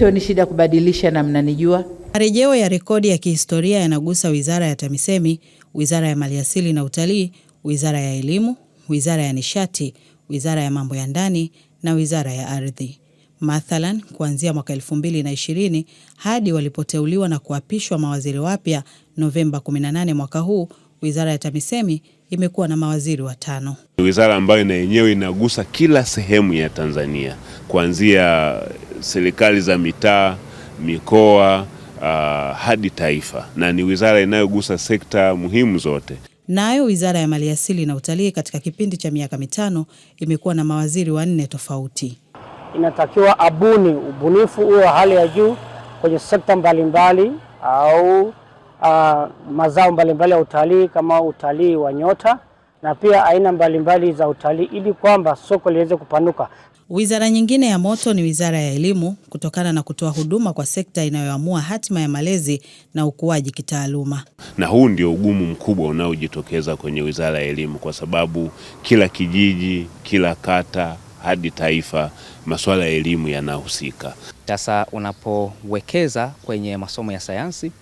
sio ni shida kubadilisha, na mnanijua. Marejeo ya rekodi ya kihistoria yanagusa wizara ya TAMISEMI, wizara ya maliasili na utalii, wizara ya elimu, wizara ya nishati, wizara ya mambo ya ndani na wizara ya ardhi. Mathalan, kuanzia mwaka elfu mbili na ishirini hadi walipoteuliwa na kuapishwa mawaziri wapya Novemba 18 mwaka huu, wizara ya TAMISEMI imekuwa na mawaziri watano. Wizara ambayo na yenyewe inagusa kila sehemu ya Tanzania kuanzia serikali za mitaa, mikoa uh, hadi taifa na ni wizara inayogusa sekta muhimu zote. Nayo na Wizara ya Maliasili na Utalii katika kipindi cha miaka mitano imekuwa na mawaziri wanne tofauti. Inatakiwa abuni ubunifu huo wa hali ya juu kwenye sekta mbalimbali mbali, au uh, mazao mbalimbali ya utalii kama utalii wa nyota na pia aina mbalimbali mbali za utalii ili kwamba soko liweze kupanuka. Wizara nyingine ya moto ni Wizara ya Elimu kutokana na kutoa huduma kwa sekta inayoamua hatima ya malezi na ukuaji kitaaluma. Na huu ndio ugumu mkubwa unaojitokeza kwenye Wizara ya Elimu kwa sababu kila kijiji, kila kata hadi taifa masuala ya elimu yanahusika. Sasa unapowekeza kwenye masomo ya sayansi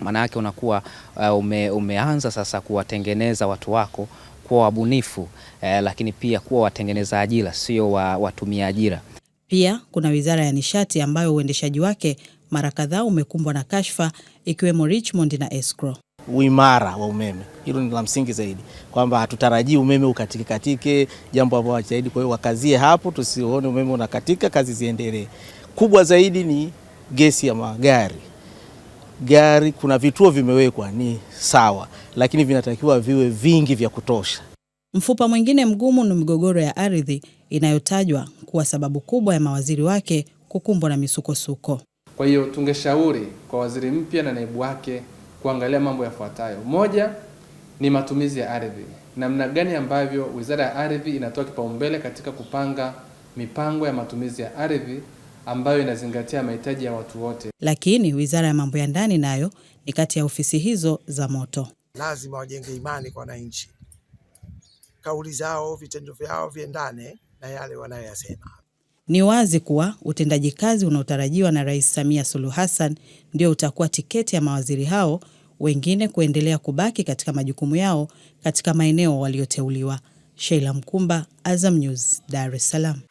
maana yake unakuwa uh, ume, umeanza sasa kuwatengeneza watu wako kuwa wabunifu eh, lakini pia kuwa watengeneza ajira sio wa, watumia ajira. Pia kuna Wizara ya Nishati ambayo uendeshaji wake mara kadhaa umekumbwa na kashfa ikiwemo Richmond na escrow. Uimara wa umeme, hilo ni la msingi zaidi, kwamba hatutarajii umeme ukatike katike, jambo ambalo hajitahidi. Kwa hiyo wakazie hapo, tusione umeme unakatika, kazi ziendelee. Kubwa zaidi ni gesi ya magari gari, kuna vituo vimewekwa ni sawa, lakini vinatakiwa viwe vingi vya kutosha. Mfupa mwingine mgumu ni migogoro ya ardhi inayotajwa kuwa sababu kubwa ya mawaziri wake kukumbwa na misukosuko. Kwa hiyo tungeshauri kwa waziri mpya na naibu wake kuangalia mambo yafuatayo. Moja ni matumizi ya ardhi, namna gani ambavyo wizara ya ardhi inatoa kipaumbele katika kupanga mipango ya matumizi ya ardhi ambayo inazingatia mahitaji ya watu wote. Lakini Wizara ya Mambo ya Ndani nayo ni kati ya ofisi hizo za moto. Lazima wajenge imani kwa wananchi, kauli zao, vitendo vyao viendane na yale wanayoyasema. Ni wazi kuwa utendaji kazi unaotarajiwa na Rais Samia Suluhu Hassan ndio utakuwa tiketi ya mawaziri hao wengine kuendelea kubaki katika majukumu yao katika maeneo walioteuliwa. Sheila Mkumba, Azam News, Dar es Salaam.